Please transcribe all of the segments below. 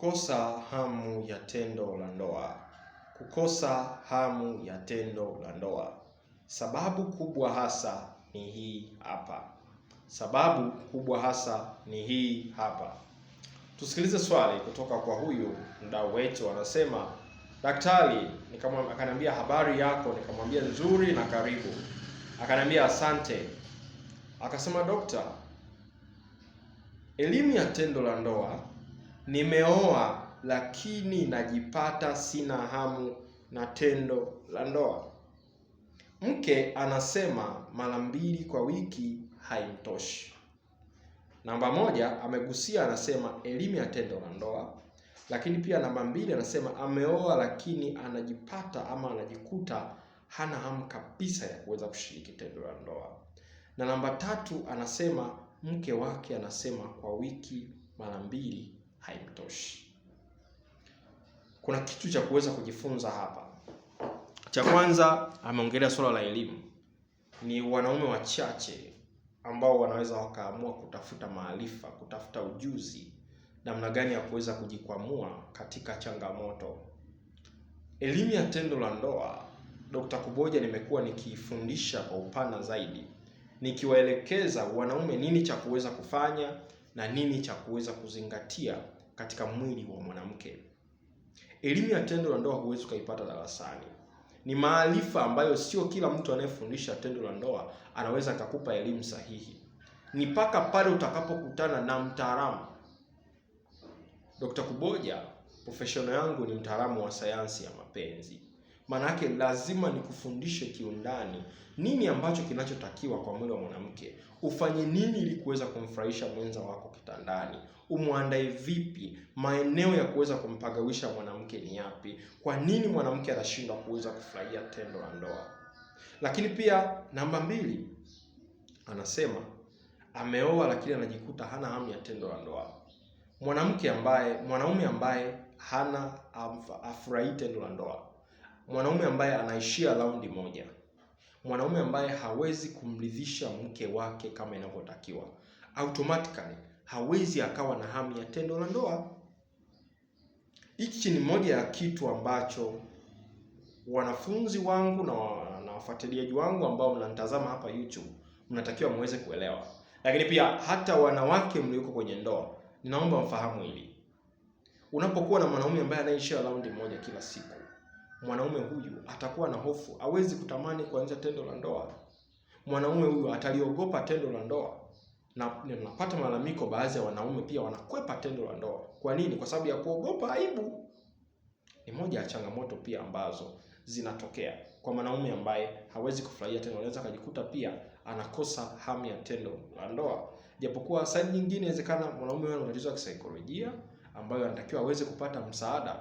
Kukosa hamu ya tendo la ndoa. Kukosa hamu ya tendo la ndoa, sababu kubwa hasa ni hii hapa. Sababu kubwa hasa ni hii hapa. Tusikilize swali kutoka kwa huyu mdau wetu, anasema daktari, akaniambia habari yako, nikamwambia nzuri na karibu, akaniambia asante, akasema dokta, elimu ya tendo la ndoa nimeoa lakini najipata sina hamu na tendo la ndoa. Mke anasema mara mbili kwa wiki haimtoshi. Namba moja amegusia, anasema elimu ya tendo la ndoa, lakini pia namba mbili anasema ameoa lakini anajipata ama anajikuta hana hamu kabisa ya kuweza kushiriki tendo la ndoa, na namba tatu anasema mke wake anasema kwa wiki mara mbili haimtoshi. Kuna kitu cha kuweza kujifunza hapa. Cha kwanza ameongelea suala la elimu. Ni wanaume wachache ambao wanaweza wakaamua kutafuta maarifa, kutafuta ujuzi, namna gani ya kuweza kujikwamua katika changamoto. Elimu ya tendo la ndoa, Dr. Kuboja nimekuwa nikiifundisha kwa upana zaidi, nikiwaelekeza wanaume nini cha kuweza kufanya na nini cha kuweza kuzingatia katika mwili wa mwanamke. Elimu ya tendo la ndoa huwezi ukaipata darasani. Ni maarifa ambayo sio kila mtu anayefundisha tendo la ndoa anaweza akakupa elimu sahihi. Ni mpaka pale utakapokutana na mtaalamu. Dr. Kuboja, professional yangu ni mtaalamu wa sayansi ya mapenzi. Maanake lazima nikufundishe kiundani nini ambacho kinachotakiwa kwa mwili wa mwanamke, ufanye nini ili kuweza kumfurahisha mwenza wako kitandani, umwandae vipi, maeneo ya kuweza kumpagawisha mwanamke ni yapi, kwa nini mwanamke anashindwa kuweza kufurahia tendo la ndoa. Lakini pia namba mbili, anasema ameoa lakini anajikuta hana hamu ya tendo la ndoa. Mwanamke ambaye mwanaume ambaye hana afurahii tendo la ndoa mwanaume ambaye anaishia raundi moja, mwanaume ambaye hawezi kumridhisha mke wake kama inavyotakiwa, automatically hawezi akawa na hamu ya tendo la ndoa. Hichi ni moja ya kitu ambacho wanafunzi wangu na wafuatiliaji wangu ambao mnanitazama hapa YouTube mnatakiwa muweze kuelewa, lakini pia hata wanawake mlioko kwenye ndoa, ninaomba mfahamu hili. Unapokuwa na mwanaume ambaye anaishia raundi moja kila siku mwanaume huyu atakuwa na hofu, hawezi kutamani kuanzia tendo la ndoa. Mwanaume huyu ataliogopa tendo la ndoa, na ninapata malalamiko, baadhi ya wanaume pia wanakwepa tendo la ndoa. Kwa nini? Kwa sababu ya kuogopa aibu. Ni moja ya changamoto pia ambazo zinatokea kwa mwanaume ambaye hawezi kufurahia tendo, anaweza akajikuta pia anakosa hamu ya tendo la ndoa, japokuwa saa nyingine inawezekana mwanaume huyo ana matatizo ya kisaikolojia ambayo anatakiwa aweze kupata msaada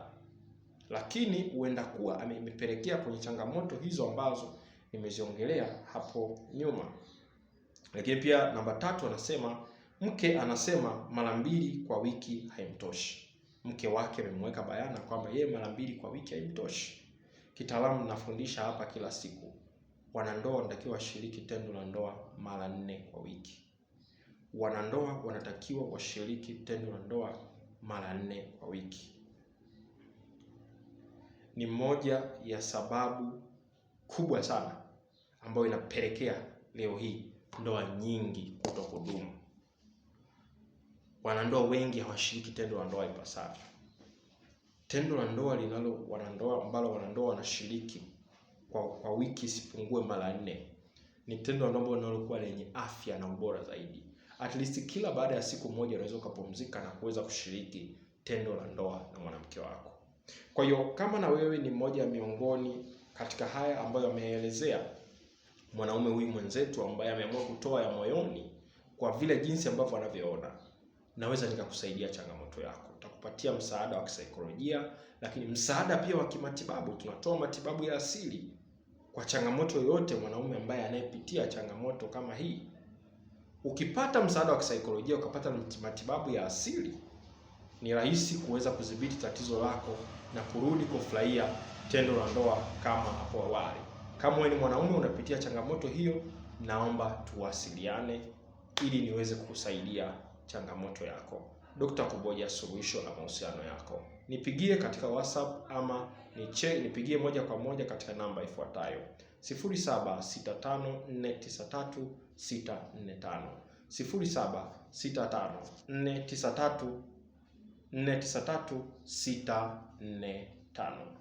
lakini huenda kuwa amepelekea kwenye changamoto hizo ambazo nimeziongelea hapo nyuma. Lakini pia namba tatu, anasema mke anasema mara mbili kwa wiki haimtoshi. Mke wake amemweka bayana kwamba yeye mara mbili kwa wiki haimtoshi. Kitaalamu nafundisha hapa kila siku, wanandoa wanatakiwa washiriki tendo la ndoa mara nne kwa wiki. Wanandoa wanatakiwa washiriki tendo la ndoa mara nne kwa wiki ni moja ya sababu kubwa sana ambayo inapelekea leo hii ndoa nyingi kutokudumu. Wanandoa wengi hawashiriki tendo la ndoa ipasavyo. Tendo la ndoa linalo wanandoa ambalo wanandoa wanashiriki kwa, kwa wiki isipungue mara nne ni tendo ambalo linalokuwa lenye afya na ubora zaidi. At least kila baada ya siku moja unaweza ukapumzika na kuweza kushiriki tendo la ndoa na mwanamke wako. Kwa hiyo kama na wewe ni mmoja miongoni katika haya ambayo ameelezea mwanaume huyu mwenzetu ambaye ameamua kutoa ya moyoni kwa vile jinsi ambavyo anavyoona, naweza nikakusaidia changamoto yako, nitakupatia msaada wa kisaikolojia, lakini msaada pia wa kimatibabu. Tunatoa matibabu ya asili kwa changamoto yoyote. Mwanaume ambaye anayepitia changamoto kama hii, ukipata msaada wa kisaikolojia, ukapata matibabu ya asili ni rahisi kuweza kudhibiti tatizo lako na kurudi kufurahia tendo la ndoa kama hapo awali. Kama wewe ni mwanaume unapitia changamoto hiyo, naomba tuwasiliane ili niweze kukusaidia changamoto yako. Dr. Kuboja, suluhisho la mahusiano yako. Nipigie katika WhatsApp ama niche, nipigie moja kwa moja katika namba ifuatayo: 0765493645, 0765493645 nne tisa tatu sita nne tano.